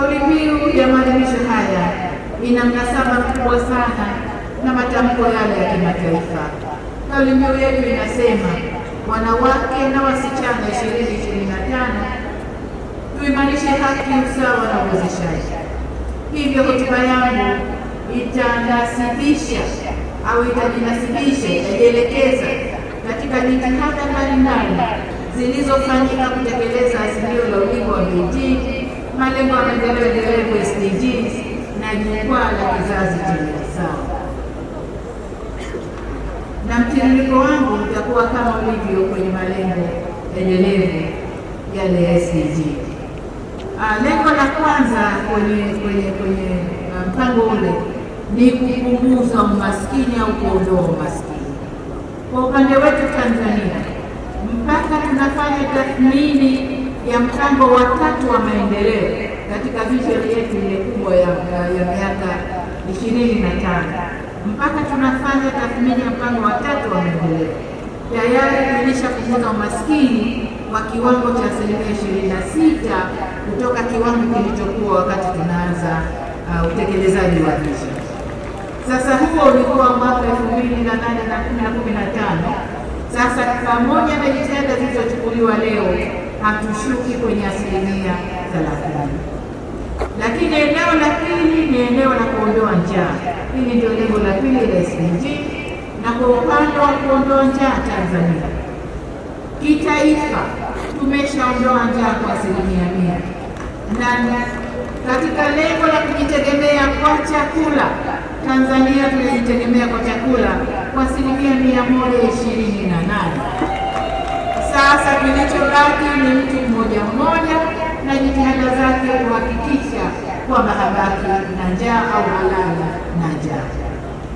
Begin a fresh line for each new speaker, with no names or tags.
Kauli mbiu ya maadhimisho haya ina mnasaba mkubwa sana na matamko yale ya kimataifa. Kauli mbiu yetu inasema wanawake na wasichana 2025 tuimarishe haki, usawa na uwezeshaji. Hivyo hotuba yangu itanasibisha au itajinasibisha, itajielekeza katika jitihada mbalimbali zilizofanyika kutekeleza azimio la Ulingo wa Beijing malengo ya maendeleo endelevu SDGs na jukwaa la kizazi chenye usawa. Na mtiririko wangu utakuwa kama ulivyo kwenye malengo endelevu yale ya SDG. Ah, lengo la kwanza kwenye kwenye kwenye ah, mpango ule ni kupunguza umaskini au kuondoa umaskini. Kwa upande wetu Tanzania, mpaka tunafanya tathmini ya mpango wa tatu wa maendeleo katika vision yetu ile kubwa ya miaka ishirini na tano mpaka tunafanya tathmini ya mpango wa tatu wa maendeleo tayari tulishapunguza umaskini wa kiwango cha asilimia ishirini na sita kutoka kiwango kilichokuwa wakati tunaanza uh, utekelezaji wa vision. Sasa huo ulikuwa mwaka elfu mbili na nane na kumi na tano. Sasa pamoja na jitihada zilizochukuliwa leo hatushuki kwenye asilimia thelathini. Lakini eneo la pili ni eneo la kuondoa njaa. Hili ndio lengo la pili la SDG, na kwa upande wa kuondoa njaa Tanzania kitaifa tumeshaondoa njaa kwa asilimia mia, na katika lengo la kujitegemea kwa chakula Tanzania tunajitegemea kwa chakula kwa asilimia mia moja ishirini na nane sasa mabaki ni mtu mmoja mmoja, na jitihada zake kuhakikisha kwamba habaki na njaa au halala na njaa.